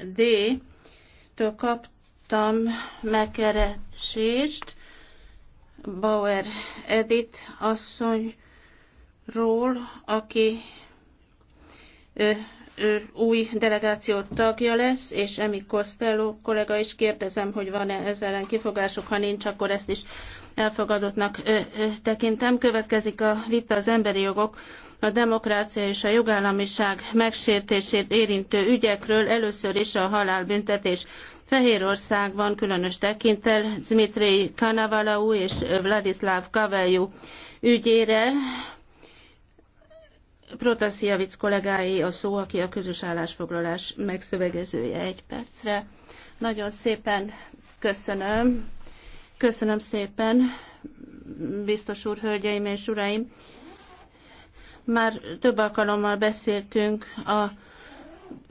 D-től kaptam megkeresést Bauer Edith asszonyról, aki ő, ő, új delegáció tagja lesz, és Emi Costello kollega is kérdezem, hogy van-e ezzel ellen kifogások, ha nincs, akkor ezt is elfogadottnak tekintem. Következik a vita az emberi jogok, a demokrácia és a jogállamiság megsértését érintő ügyekről, először is a halálbüntetés. Fehérországban különös tekintel Dmitri Kanavalau és Vladislav Kavelju ügyére. Protasievic kollégái a szó, aki a közös állásfoglalás megszövegezője egy percre. Nagyon szépen köszönöm. Köszönöm szépen, biztos úr, hölgyeim és uraim. Már több alkalommal beszéltünk a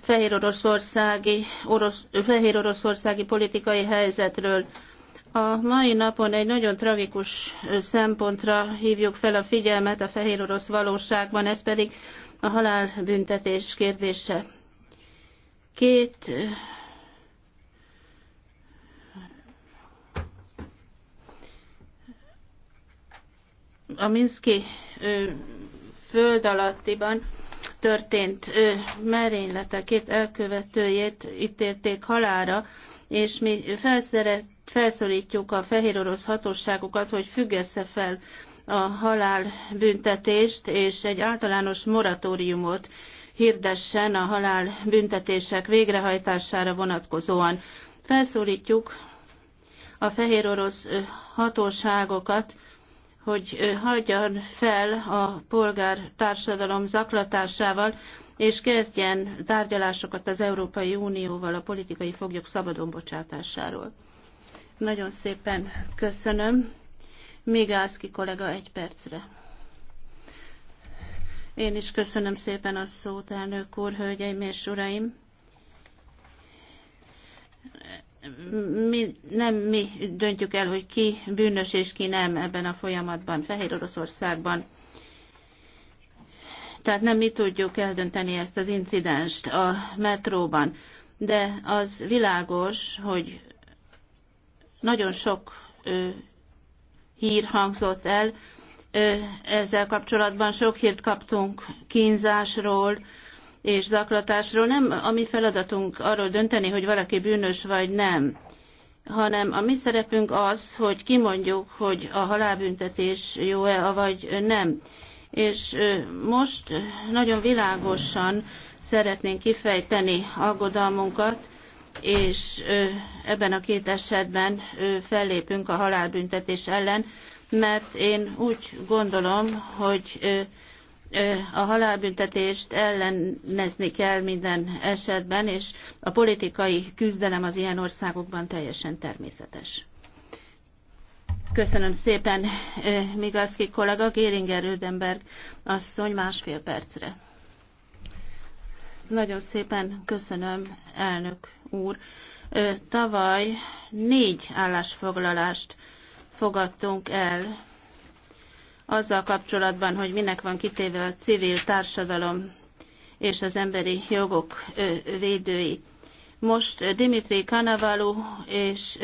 fehér oroszországi, orosz, fehér oroszországi politikai helyzetről. A mai napon egy nagyon tragikus szempontra hívjuk fel a figyelmet a fehér orosz valóságban, ez pedig a halálbüntetés kérdése. Két a Minszki föld alattiban történt ö, két elkövetőjét ítélték halára, és mi felszólítjuk a fehér orosz hatóságokat, hogy függesse fel a halálbüntetést, és egy általános moratóriumot hirdessen a halálbüntetések végrehajtására vonatkozóan. Felszólítjuk a fehér orosz hatóságokat, hogy hagyjan fel a polgártársadalom zaklatásával, és kezdjen tárgyalásokat az Európai Unióval a politikai foglyok szabadon bocsátásáról. Nagyon szépen köszönöm. Még ki kollega egy percre. Én is köszönöm szépen a szót, elnök úr, hölgyeim és uraim mi, nem mi döntjük el, hogy ki bűnös és ki nem ebben a folyamatban, Fehér Oroszországban. Tehát nem mi tudjuk eldönteni ezt az incidenst a metróban, de az világos, hogy nagyon sok ö, hír hangzott el, ö, ezzel kapcsolatban sok hírt kaptunk kínzásról, és zaklatásról nem a mi feladatunk arról dönteni, hogy valaki bűnös vagy nem, hanem a mi szerepünk az, hogy kimondjuk, hogy a halálbüntetés jó-e, vagy nem. És most nagyon világosan szeretnénk kifejteni aggodalmunkat, és ebben a két esetben fellépünk a halálbüntetés ellen, mert én úgy gondolom, hogy a halálbüntetést ellenezni kell minden esetben, és a politikai küzdelem az ilyen országokban teljesen természetes. Köszönöm szépen, Migalszki kollega, Géringer Ödenberg asszony másfél percre. Nagyon szépen köszönöm, elnök úr. Tavaly négy állásfoglalást fogadtunk el azzal kapcsolatban, hogy minek van kitéve a civil társadalom és az emberi jogok védői. Most Dimitri Kanavalu és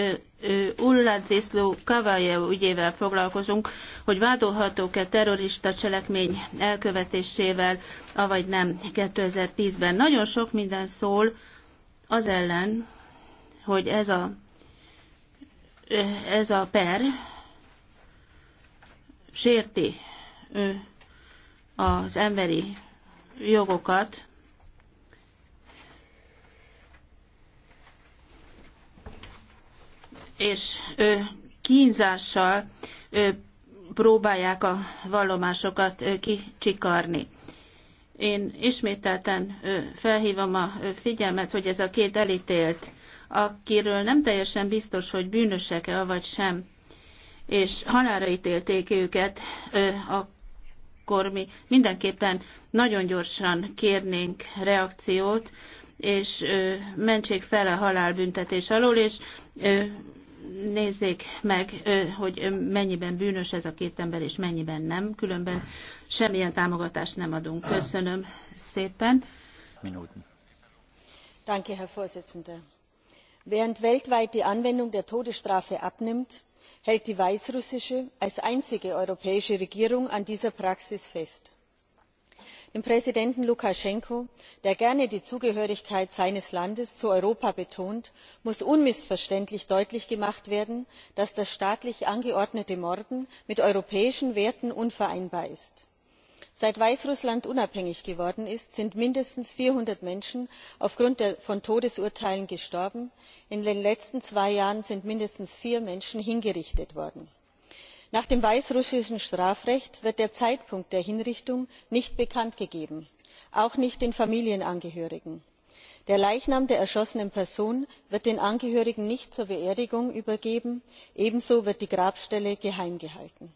Ulla Ziszló Kavaljev ügyével foglalkozunk, hogy vádolhatók-e terrorista cselekmény elkövetésével, avagy nem 2010-ben. Nagyon sok minden szól az ellen, hogy ez a, ez a per, sérti az emberi jogokat, és kínzással próbálják a vallomásokat kicsikarni. Én ismételten felhívom a figyelmet, hogy ez a két elítélt, akiről nem teljesen biztos, hogy bűnösek-e, vagy sem, és halára ítélték őket, akkor mi mindenképpen nagyon gyorsan kérnénk reakciót, és mentsék fel a halálbüntetés alól, és nézzék meg, hogy mennyiben bűnös ez a két ember, és mennyiben nem. Különben semmilyen támogatást nem adunk. Köszönöm szépen. Minuten. Danke, Herr Vorsitzender. Während weltweit die Anwendung der Todesstrafe abnimmt, hält die weißrussische als einzige europäische regierung an dieser praxis fest. dem präsidenten lukaschenko der gerne die zugehörigkeit seines landes zu europa betont muss unmissverständlich deutlich gemacht werden dass das staatlich angeordnete morden mit europäischen werten unvereinbar ist seit weißrussland unabhängig geworden ist sind mindestens vierhundert menschen aufgrund von todesurteilen gestorben in den letzten zwei jahren sind mindestens vier menschen hingerichtet worden. nach dem weißrussischen strafrecht wird der zeitpunkt der hinrichtung nicht bekanntgegeben auch nicht den familienangehörigen. der leichnam der erschossenen person wird den angehörigen nicht zur beerdigung übergeben ebenso wird die grabstelle geheim gehalten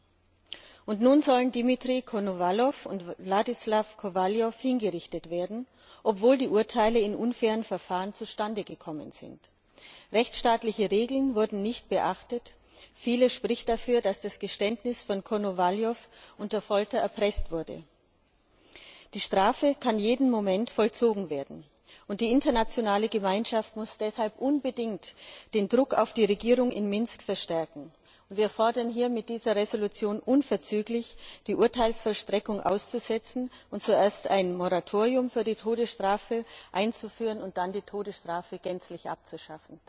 und nun sollen dmitri konowalow und wladislaw kowaljow hingerichtet werden obwohl die urteile in unfairen verfahren zustande gekommen sind. rechtsstaatliche regeln wurden nicht beachtet vieles spricht dafür dass das geständnis von konowalow unter folter erpresst wurde. die strafe kann jeden moment vollzogen werden und die internationale gemeinschaft muss deshalb unbedingt den druck auf die regierung in minsk verstärken wir fordern hier mit dieser entschließung unverzüglich die urteilsvollstreckung auszusetzen und zuerst ein moratorium für die todesstrafe einzuführen und dann die todesstrafe gänzlich abzuschaffen.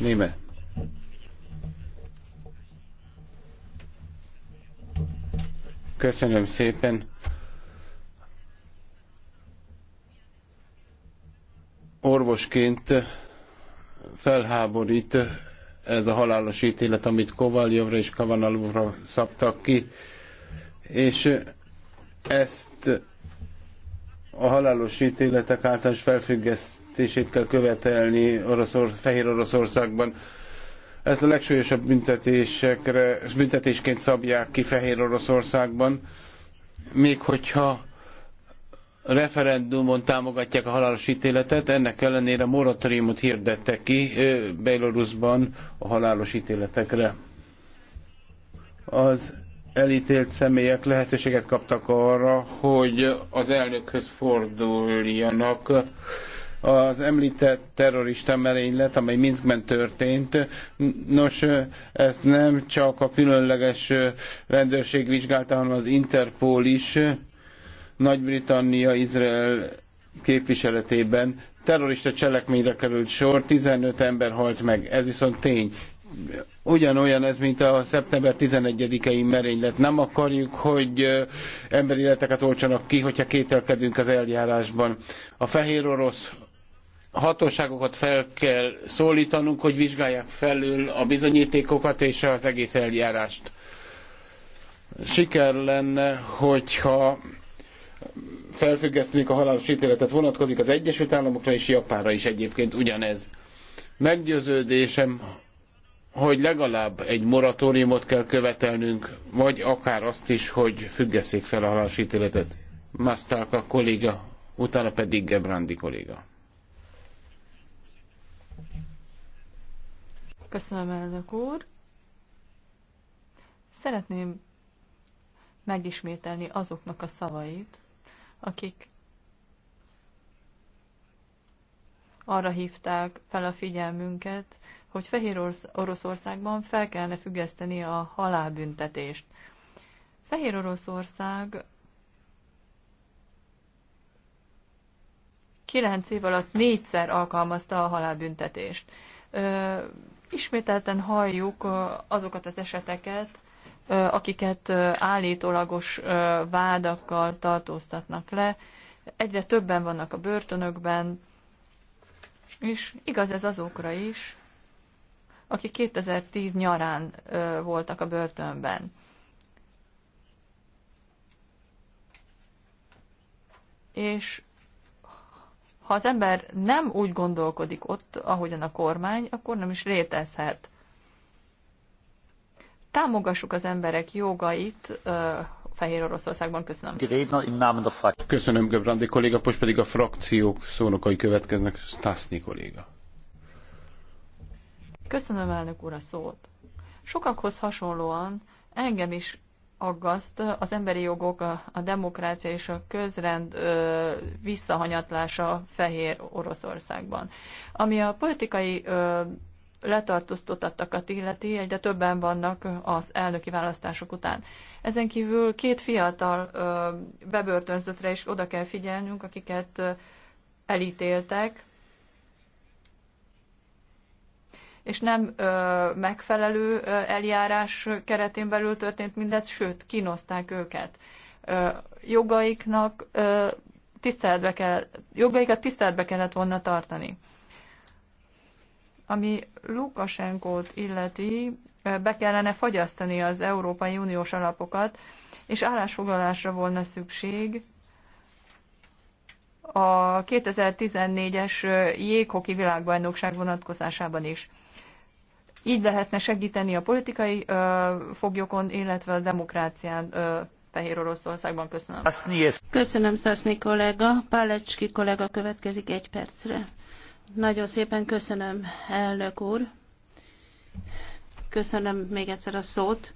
nehme Köszönöm szépen. Orvosként felháborít ez a halálos ítélet, amit Kovaljovra és Kavanalovra szabtak ki, és ezt a halálos ítéletek általános felfüggesztését kell követelni Oroszor, Fehér Oroszországban. Ezt a legsúlyosabb büntetésekre, büntetésként szabják ki Fehér Oroszországban, még hogyha referendumon támogatják a halálos ítéletet, ennek ellenére moratóriumot hirdettek ki Belarusban a halálos ítéletekre. Az elítélt személyek lehetőséget kaptak arra, hogy az elnökhöz forduljanak az említett terrorista merénylet, amely Minskben történt. Nos, ezt nem csak a különleges rendőrség vizsgálta, hanem az Interpol is Nagy-Britannia, Izrael képviseletében terrorista cselekményre került sor, 15 ember halt meg. Ez viszont tény ugyanolyan ez, mint a szeptember 11-i merénylet. Nem akarjuk, hogy emberi életeket oltsanak ki, hogyha kételkedünk az eljárásban. A fehér orosz hatóságokat fel kell szólítanunk, hogy vizsgálják felül a bizonyítékokat és az egész eljárást. Siker lenne, hogyha felfüggesztenék a halálos ítéletet, vonatkozik az Egyesült Államokra és Japánra is egyébként ugyanez. Meggyőződésem, hogy legalább egy moratóriumot kell követelnünk, vagy akár azt is, hogy függesszék fel a halálos ítéletet. Masztálka kolléga, utána pedig Gebrandi kolléga. Köszönöm, elnök úr. Szeretném megismételni azoknak a szavait, akik arra hívták fel a figyelmünket, hogy Fehér Oroszországban fel kellene függeszteni a halálbüntetést. Fehér Oroszország 9 év alatt négyszer alkalmazta a halálbüntetést. Ö, Ismételten halljuk azokat az eseteket, akiket állítólagos vádakkal tartóztatnak le. Egyre többen vannak a börtönökben, és igaz ez azokra is, akik 2010 nyarán voltak a börtönben. És ha az ember nem úgy gondolkodik ott, ahogyan a kormány, akkor nem is létezhet. Támogassuk az emberek jogait Fehér Oroszországban. Köszönöm. Köszönöm, Göbrandi kolléga. Most pedig a frakciók szónokai következnek. Stasznyi kolléga. Köszönöm, elnök úr, a szót. Sokakhoz hasonlóan engem is aggaszt az emberi jogok, a, a demokrácia és a közrend ö, visszahanyatlása Fehér Oroszországban. Ami a politikai ö, letartóztatottakat illeti, egyre többen vannak az elnöki választások után. Ezen kívül két fiatal ö, bebörtönzöttre is oda kell figyelnünk, akiket ö, elítéltek, és nem ö, megfelelő ö, eljárás keretén belül történt mindez, sőt, kínozták őket. Ö, jogaiknak ö, tiszteletbe kell, jogaikat tiszteletbe kellett volna tartani. Ami Lukasenkót illeti, be kellene fagyasztani az Európai Uniós alapokat, és állásfoglalásra volna szükség a 2014-es jéghoki világbajnokság vonatkozásában is. Így lehetne segíteni a politikai ö, foglyokon, illetve a demokrácián ö, Fehér Oroszországban. Köszönöm. Köszönöm, Szaszni kollega. Pálecski kollega következik egy percre. Nagyon szépen köszönöm, elnök úr. Köszönöm még egyszer a szót.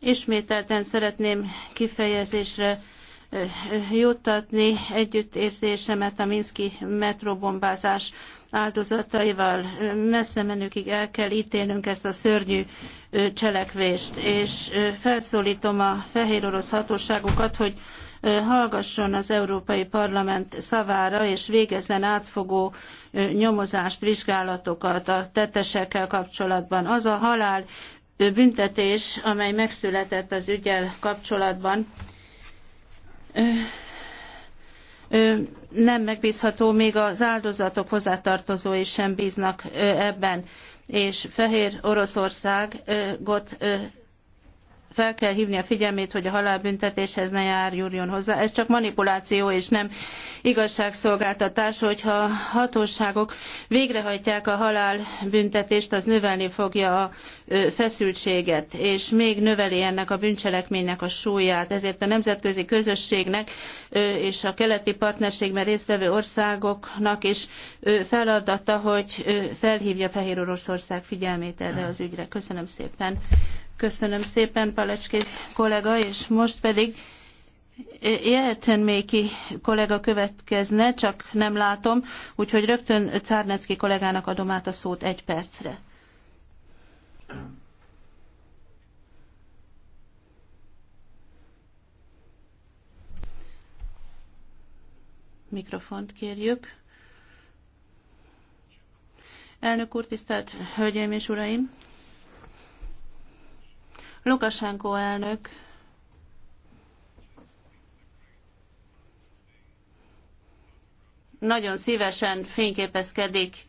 Ismételten szeretném kifejezésre juttatni együttérzésemet a Minszki metrobombázás áldozataival messze menőkig el kell ítélnünk ezt a szörnyű cselekvést, és felszólítom a fehér orosz hatóságokat, hogy hallgasson az Európai Parlament szavára, és végezzen átfogó nyomozást, vizsgálatokat a tettesekkel kapcsolatban. Az a halál büntetés, amely megszületett az ügyel kapcsolatban, nem megbízható, még az áldozatok hozzátartozói sem bíznak ebben. És Fehér Oroszországot fel kell hívni a figyelmét, hogy a halálbüntetéshez ne járjúrjon hozzá. Ez csak manipuláció és nem igazságszolgáltatás, hogyha hatóságok végrehajtják a halálbüntetést, az növelni fogja a feszültséget, és még növeli ennek a bűncselekménynek a súlyát. Ezért a nemzetközi közösségnek és a keleti partnerségben résztvevő országoknak is feladata, hogy felhívja Fehér Oroszország figyelmét erre az ügyre. Köszönöm szépen. Köszönöm szépen, Palecski kollega, és most pedig Jelten Méki kollega következne, csak nem látom, úgyhogy rögtön Czárnecki kollégának adom át a szót egy percre. Mikrofont kérjük. Elnök úr, tisztelt Hölgyeim és Uraim! Lukasenko elnök nagyon szívesen fényképezkedik,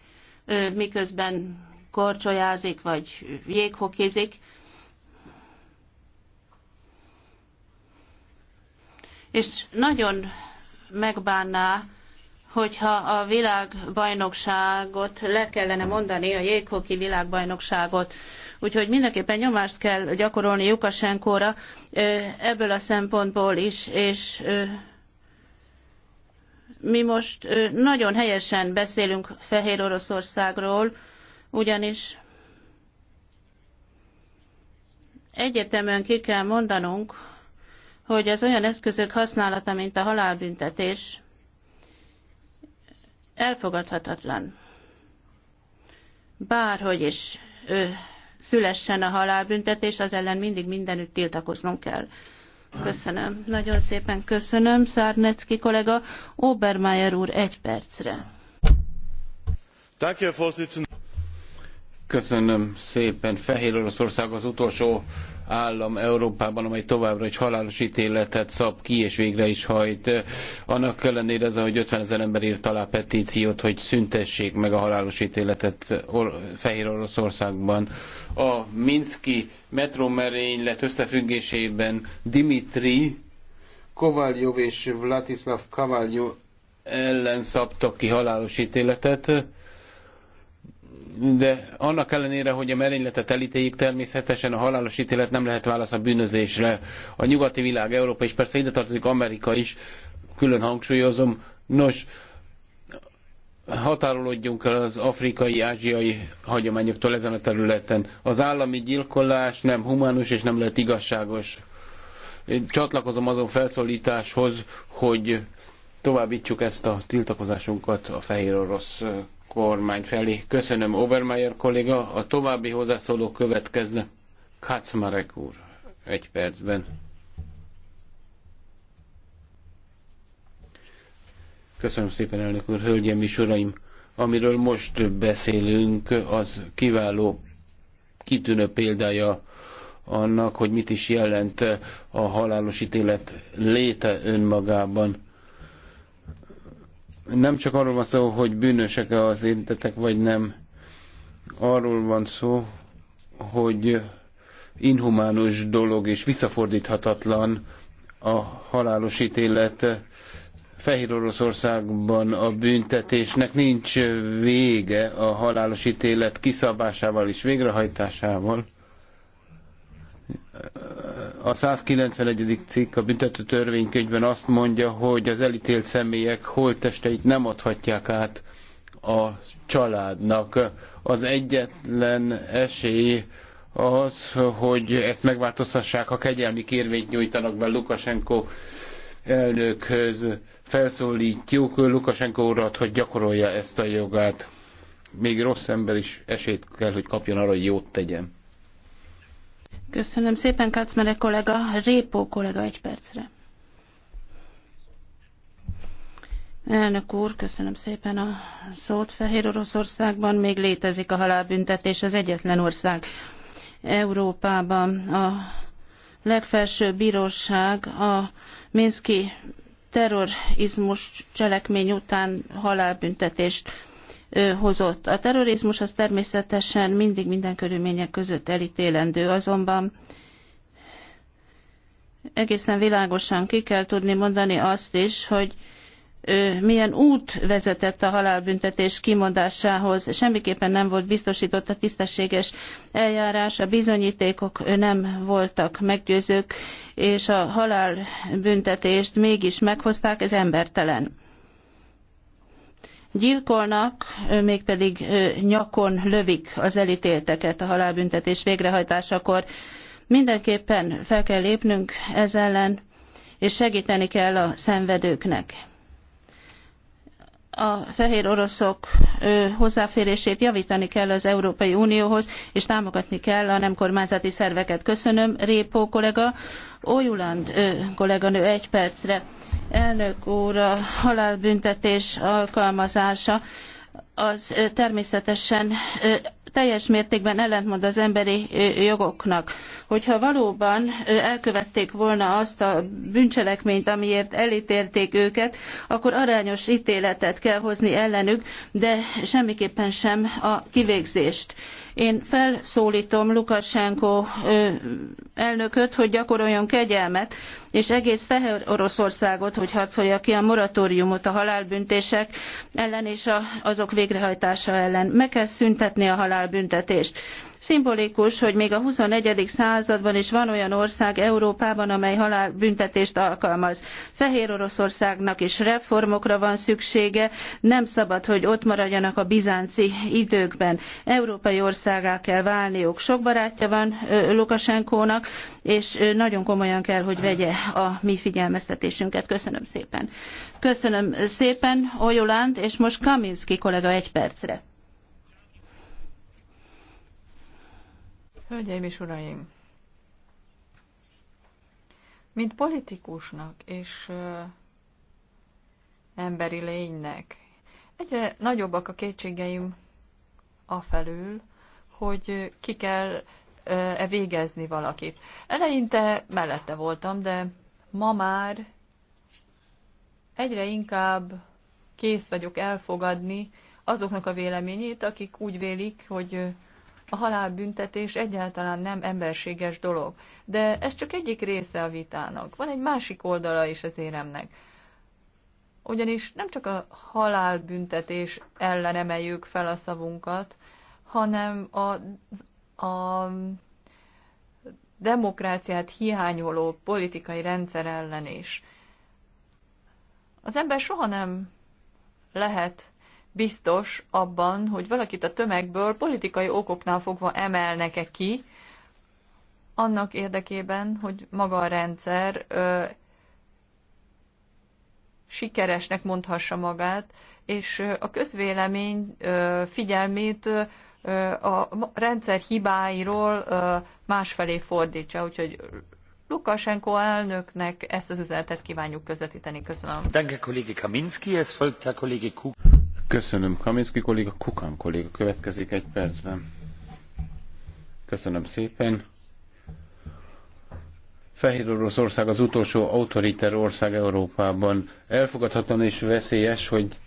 miközben korcsolyázik, vagy jéghokizik. És nagyon megbánná, hogyha a világbajnokságot le kellene mondani, a jéghoki világbajnokságot. Úgyhogy mindenképpen nyomást kell gyakorolni Jukasenkóra ebből a szempontból is, és mi most nagyon helyesen beszélünk Fehér Oroszországról, ugyanis egyetemen ki kell mondanunk, hogy az olyan eszközök használata, mint a halálbüntetés, elfogadhatatlan. Bárhogy is ő, szülessen a halálbüntetés, az ellen mindig mindenütt tiltakoznunk kell. Köszönöm. Nagyon szépen köszönöm, Szárnecki kollega. Obermeier úr, egy percre. Köszönöm szépen. Fehér Oroszország az utolsó állam Európában, amely továbbra is halálos ítéletet szab ki, és végre is hajt. Annak ellenére az, hogy 50 ezer ember írt alá petíciót, hogy szüntessék meg a halálos ítéletet Or- Fehér Oroszországban. A Minszki metromerénylet összefüggésében Dimitri Kovaljov és Vladislav Kovaljov ellen szabtak ki halálos ítéletet de annak ellenére, hogy a merényletet elítéljük, természetesen a halálos ítélet nem lehet válasz a bűnözésre. A nyugati világ, Európa és persze ide tartozik Amerika is, külön hangsúlyozom. Nos, határolódjunk el az afrikai, ázsiai hagyományoktól ezen a területen. Az állami gyilkolás nem humánus és nem lehet igazságos. Én csatlakozom azon felszólításhoz, hogy továbbítsuk ezt a tiltakozásunkat a fehér orosz kormány felé. Köszönöm, Obermeier kolléga. A további hozzászóló következne. Kacmarek úr, egy percben. Köszönöm szépen, elnök úr, hölgyeim és uraim! Amiről most beszélünk, az kiváló, kitűnő példája annak, hogy mit is jelent a halálos ítélet léte önmagában nem csak arról van szó, hogy bűnösek -e az érintetek, vagy nem. Arról van szó, hogy inhumánus dolog és visszafordíthatatlan a halálos ítélet. Fehér Oroszországban a büntetésnek nincs vége a halálos ítélet kiszabásával és végrehajtásával a 191. cikk a büntető törvénykönyvben azt mondja, hogy az elítélt személyek holttesteit nem adhatják át a családnak. Az egyetlen esély az, hogy ezt megváltoztassák, ha kegyelmi kérvényt nyújtanak be Lukasenko elnökhöz. Felszólítjuk Lukasenko urat, hogy gyakorolja ezt a jogát. Még rossz ember is esélyt kell, hogy kapjon arra, hogy jót tegyen. Köszönöm szépen, Kacmere kollega. Répó kollega egy percre. Elnök úr, köszönöm szépen a szót. Fehér Oroszországban még létezik a halálbüntetés, az egyetlen ország Európában. A legfelsőbb bíróság a Minszki terrorizmus cselekmény után halálbüntetést hozott. A terrorizmus az természetesen mindig minden körülmények között elítélendő, azonban egészen világosan ki kell tudni mondani azt is, hogy milyen út vezetett a halálbüntetés kimondásához. Semmiképpen nem volt biztosított a tisztességes eljárás, a bizonyítékok nem voltak meggyőzők, és a halálbüntetést mégis meghozták, ez embertelen gyilkolnak, mégpedig nyakon lövik az elítélteket a halálbüntetés végrehajtásakor. Mindenképpen fel kell lépnünk ez ellen, és segíteni kell a szenvedőknek a fehér oroszok hozzáférését javítani kell az Európai Unióhoz, és támogatni kell a nem kormányzati szerveket. Köszönöm, Répó kollega. Ójuland kolléganő egy percre. Elnök úr, a halálbüntetés alkalmazása az természetesen teljes mértékben ellentmond az emberi jogoknak. Hogyha valóban elkövették volna azt a bűncselekményt, amiért elítélték őket, akkor arányos ítéletet kell hozni ellenük, de semmiképpen sem a kivégzést. Én felszólítom Lukasenko elnököt, hogy gyakoroljon kegyelmet, és egész Fehér Oroszországot, hogy harcolja ki a moratóriumot a halálbüntetések ellen és azok végrehajtása ellen. Meg kell szüntetni a halálbüntetést Szimbolikus, hogy még a 21. században is van olyan ország Európában, amely halálbüntetést alkalmaz. Fehér Oroszországnak is reformokra van szüksége, nem szabad, hogy ott maradjanak a bizánci időkben. Európai országá kell válniuk. Sok barátja van Lukasenkónak, és nagyon komolyan kell, hogy vegye a mi figyelmeztetésünket. Köszönöm szépen. Köszönöm szépen, Ojuland, és most Kaminski kollega egy percre. Hölgyeim és uraim! Mint politikusnak és emberi lénynek egyre nagyobbak a kétségeim afelül, hogy ki kell e végezni valakit. Eleinte mellette voltam, de ma már egyre inkább kész vagyok elfogadni azoknak a véleményét, akik úgy vélik, hogy a halálbüntetés egyáltalán nem emberséges dolog. De ez csak egyik része a vitának. Van egy másik oldala is az éremnek. Ugyanis nem csak a halálbüntetés ellen emeljük fel a szavunkat, hanem a, a demokráciát hiányoló politikai rendszer ellen is. Az ember soha nem lehet biztos abban, hogy valakit a tömegből politikai okoknál fogva emelnek-e ki, annak érdekében, hogy maga a rendszer ö, sikeresnek mondhassa magát, és a közvélemény ö, figyelmét ö, a rendszer hibáiról ö, másfelé fordítsa. Úgyhogy Lukasenko elnöknek ezt az üzenetet kívánjuk közvetíteni. Köszönöm. Danke, kollégi Kaminski, es folgt a kollégi Kuk. Köszönöm Kaminski kolléga, Kukan kolléga következik egy percben. Köszönöm szépen. Fehér Oroszország az utolsó autoriter ország Európában. Elfogadhatatlan és veszélyes, hogy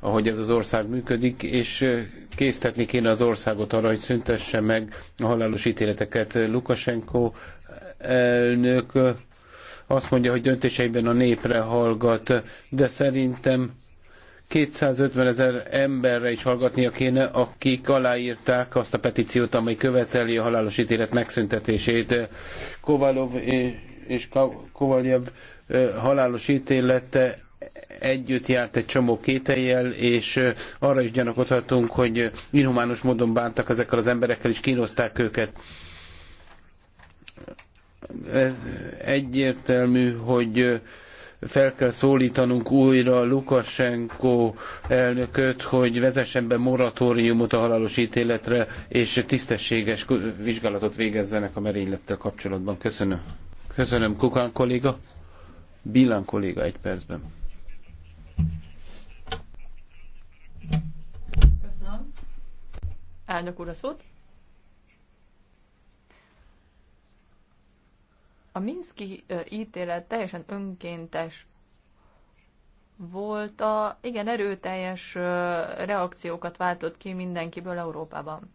ahogy ez az ország működik, és késztetni kéne az országot arra, hogy szüntesse meg a halálos ítéleteket. Lukasenko elnök azt mondja, hogy döntéseiben a népre hallgat, de szerintem 250 ezer emberre is hallgatnia kéne, akik aláírták azt a petíciót, amely követeli a halálos ítélet megszüntetését. Kovalov és Kovaljev halálos ítélete együtt járt egy csomó kételjel, és arra is gyanakodhatunk, hogy inhumánus módon bántak ezekkel az emberekkel, és kínozták őket. Ez egyértelmű, hogy fel kell szólítanunk újra Lukasenko elnököt, hogy vezessen be moratóriumot a halálos ítéletre, és tisztességes vizsgálatot végezzenek a merénylettel kapcsolatban. Köszönöm. Köszönöm, Kukán kolléga. Billán kolléga egy percben. Köszönöm. Elnök úr a szót. A Minszki ítélet teljesen önkéntes volt, a, igen, erőteljes reakciókat váltott ki mindenkiből Európában.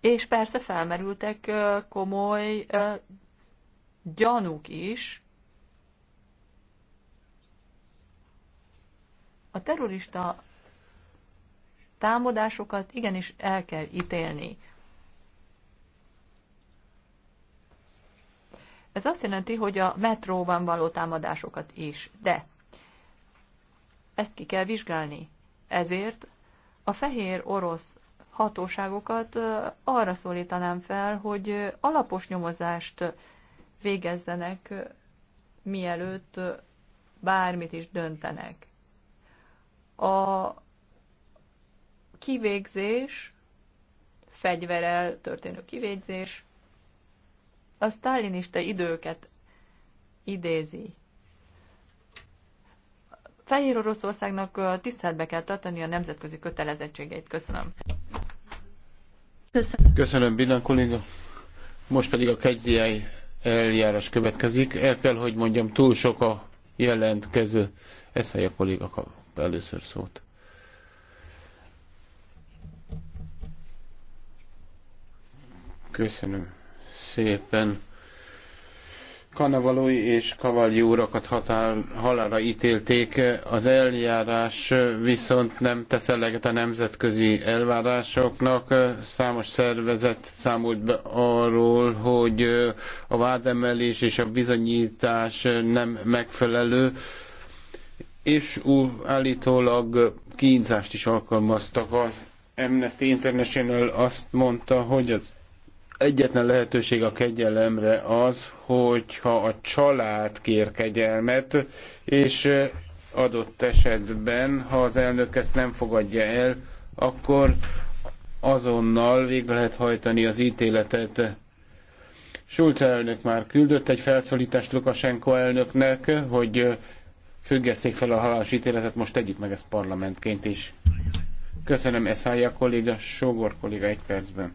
És persze felmerültek komoly gyanúk is. A terrorista támadásokat igenis el kell ítélni. Ez azt jelenti, hogy a metróban való támadásokat is, de ezt ki kell vizsgálni. Ezért a fehér orosz hatóságokat arra szólítanám fel, hogy alapos nyomozást végezzenek, mielőtt bármit is döntenek. A kivégzés, fegyverel történő kivégzés, a sztálinista időket idézi. Fehér Oroszországnak tiszteletbe kell tartani a nemzetközi kötelezettségeit. Köszönöm. Köszönöm, Köszönöm Bina kolléga. Most pedig a kegyziai eljárás következik. El kell, hogy mondjam, túl sok a jelentkező. Ezt a kolléga kap először szót. Köszönöm szépen. Kanavalói és Kavalyi úrakat határ, halára ítélték, az eljárás viszont nem tesz eleget a nemzetközi elvárásoknak. Számos szervezet számolt be arról, hogy a vádemelés és a bizonyítás nem megfelelő, és állítólag kínzást is alkalmaztak. Az Amnesty International azt mondta, hogy az egyetlen lehetőség a kegyelemre az, hogyha a család kér kegyelmet, és adott esetben, ha az elnök ezt nem fogadja el, akkor azonnal végre lehet hajtani az ítéletet. Schulz elnök már küldött egy felszólítást Lukasenko elnöknek, hogy függesszék fel a halálos ítéletet, most tegyük meg ezt parlamentként is. Köszönöm, Eszája kolléga, Sogor kolléga egy percben.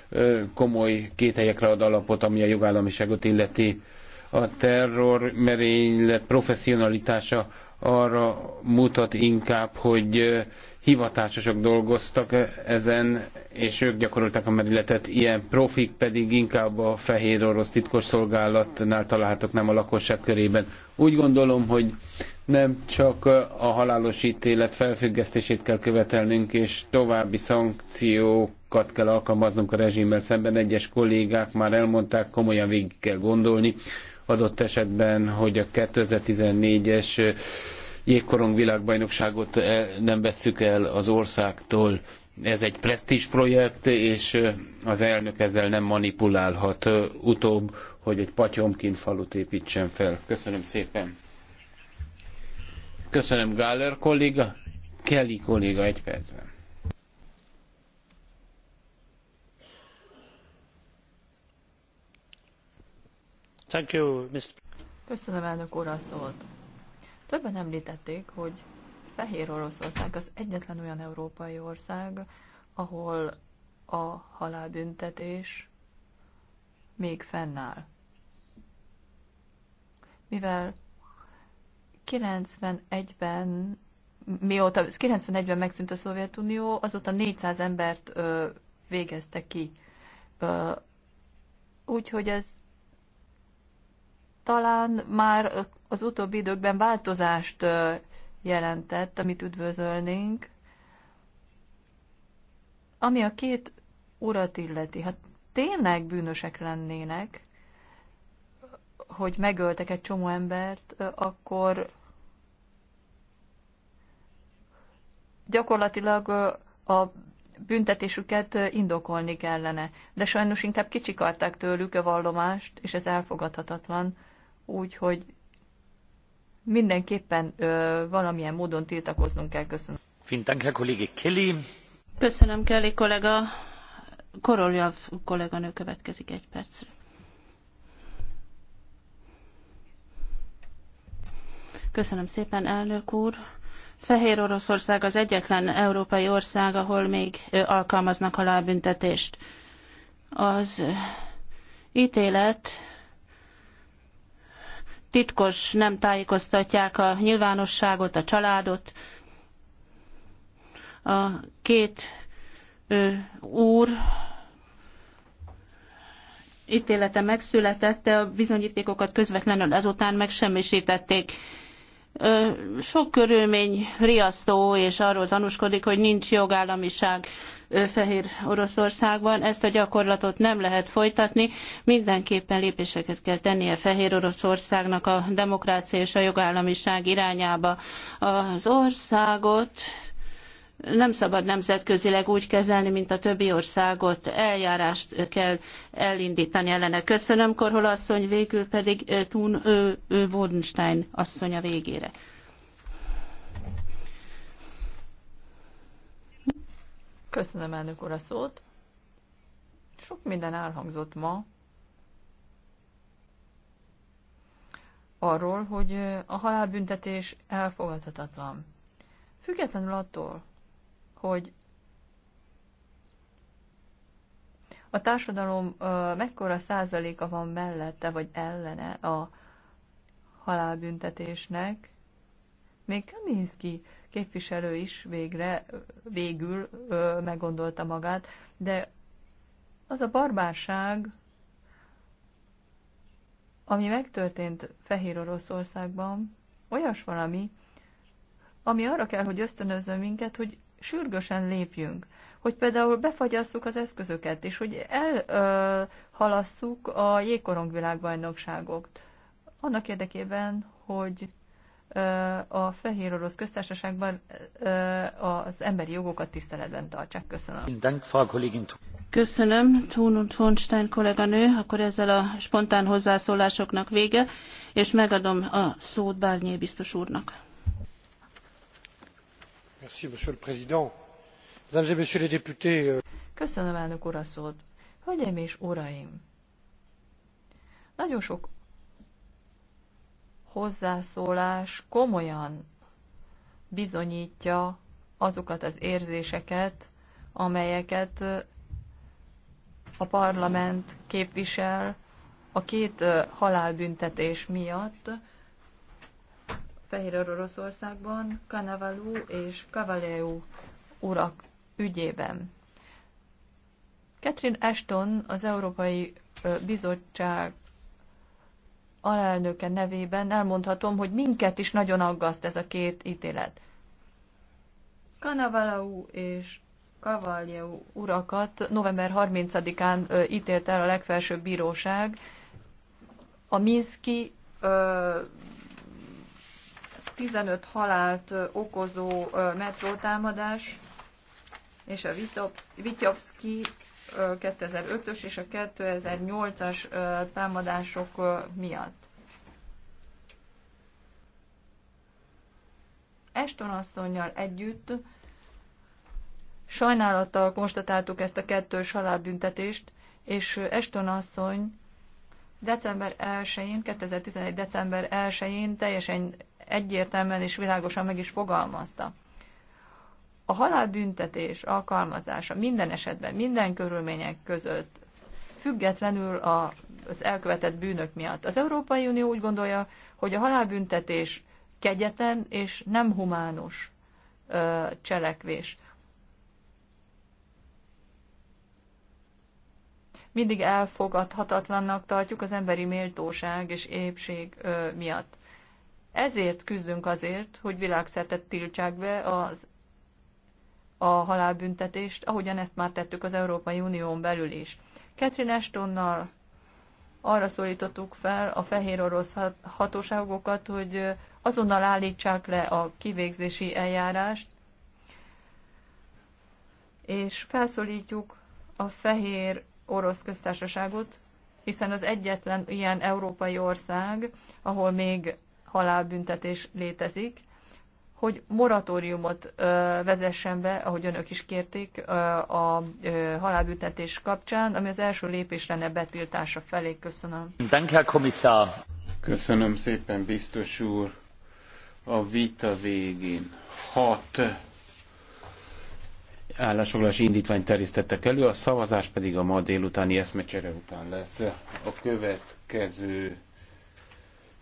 komoly kételyekre ad alapot, ami a jogállamiságot illeti. A terror merénylet professzionalitása arra mutat inkább, hogy hivatásosok dolgoztak ezen, és ők gyakorolták a merületet. Ilyen profik pedig inkább a fehér orosz titkos szolgálatnál találhatók, nem a lakosság körében. Úgy gondolom, hogy nem csak a halálos ítélet felfüggesztését kell követelnünk, és további szankciókat kell alkalmaznunk a rezsimmel szemben. Egyes kollégák már elmondták, komolyan végig kell gondolni adott esetben, hogy a 2014-es jégkorong világbajnokságot eh, nem vesszük el az országtól. Ez egy presztízs projekt, és eh, az elnök ezzel nem manipulálhat eh, utóbb, hogy egy patyomkin falut építsen fel. Köszönöm szépen. Köszönöm Gáller kolléga. Kelly kolléga egy percben. Thank you, Mr. Köszönöm elnök úr a szót. Többen említették, hogy Fehér Oroszország az egyetlen olyan európai ország, ahol a halálbüntetés még fennáll. Mivel 91-ben, mióta 91-ben megszűnt a Szovjetunió, azóta 400 embert ö, végezte ki. Úgyhogy ez talán már az utóbbi időkben változást jelentett, amit üdvözölnénk. Ami a két urat illeti, ha tényleg bűnösek lennének, hogy megöltek egy csomó embert, akkor gyakorlatilag a büntetésüket indokolni kellene. De sajnos inkább kicsikarták tőlük a vallomást, és ez elfogadhatatlan, úgyhogy mindenképpen ö, valamilyen módon tiltakoznunk kell. Köszönöm. Köszönöm, Kelly kollega. Koroljav kolléganő következik egy percre. Köszönöm szépen, elnök úr. Fehér Oroszország az egyetlen európai ország, ahol még alkalmaznak halálbüntetést. Az ítélet titkos, nem tájékoztatják a nyilvánosságot, a családot. A két ö, úr ítélete megszületett, a bizonyítékokat közvetlenül ezután megsemmisítették. sok körülmény riasztó, és arról tanúskodik, hogy nincs jogállamiság. Fehér Oroszországban. Ezt a gyakorlatot nem lehet folytatni. Mindenképpen lépéseket kell tennie Fehér Oroszországnak a demokrácia és a jogállamiság irányába. Az országot nem szabad nemzetközileg úgy kezelni, mint a többi országot. Eljárást kell elindítani ellene. Köszönöm, Korhol asszony, végül pedig eh, Thun Bodenstein asszony a végére. Köszönöm, elnök úr, a szót. Sok minden elhangzott ma arról, hogy a halálbüntetés elfogadhatatlan. Függetlenül attól, hogy a társadalom mekkora százaléka van mellette vagy ellene a halálbüntetésnek, még Kaminski képviselő is végre, végül ö, meggondolta magát, de az a barbárság, ami megtörtént Fehér Oroszországban, olyas valami, ami arra kell, hogy ösztönözzön minket, hogy sürgősen lépjünk. Hogy például befagyasszuk az eszközöket, és hogy elhalasszuk a jégkorongvilágbajnokságot. Annak érdekében, hogy a Fehér Orosz Köztársaságban az emberi jogokat tiszteletben tartsák. Köszönöm. Köszönöm, Thun Thunstein kolléganő. Akkor ezzel a spontán hozzászólásoknak vége, és megadom a szót Bárnyé biztos úrnak. Merci, monsieur le président. Mesdames et messieurs les députés. Euh, Köszönöm, elnök úr, a szót. Hölgyeim és uraim! Nagyon sok hozzászólás komolyan bizonyítja azokat az érzéseket, amelyeket a parlament képvisel a két halálbüntetés miatt Fehér Oroszországban, Kanavalu és Kavaleu urak ügyében. Catherine Ashton, az Európai Bizottság alelnöke nevében elmondhatom, hogy minket is nagyon aggaszt ez a két ítélet. Kanavalau és Kavaljeu urakat november 30-án ítélt el a legfelsőbb bíróság a Minszki 15 halált okozó metrótámadás és a Vitovszki 2005-ös és a 2008-as támadások miatt. Eston asszonynal együtt sajnálattal konstatáltuk ezt a kettős halálbüntetést, és Eston asszony december 1-én, 2011. december 1-én teljesen egyértelműen és világosan meg is fogalmazta a halálbüntetés alkalmazása minden esetben, minden körülmények között, függetlenül a, az elkövetett bűnök miatt. Az Európai Unió úgy gondolja, hogy a halálbüntetés kegyetlen és nem humánus ö, cselekvés. Mindig elfogadhatatlannak tartjuk az emberi méltóság és épség ö, miatt. Ezért küzdünk azért, hogy világszerte tiltsák be az a halálbüntetést, ahogyan ezt már tettük az Európai Unión belül is. Catherine Ashtonnal arra szólítottuk fel a fehér orosz hatóságokat, hogy azonnal állítsák le a kivégzési eljárást, és felszólítjuk a fehér orosz köztársaságot, hiszen az egyetlen ilyen európai ország, ahol még halálbüntetés létezik, hogy moratóriumot vezessen be, ahogy önök is kérték, a halálbüntetés kapcsán, ami az első lépés lenne betiltása felé. Köszönöm. Köszönöm szépen, biztos úr. A vita végén hat állásfoglalási indítványt terjesztettek elő, a szavazás pedig a ma délutáni eszmecsere után lesz. A következő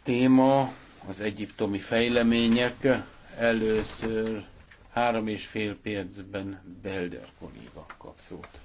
téma az egyiptomi fejlemények. Először három és fél percben Belder kolléga kap szót.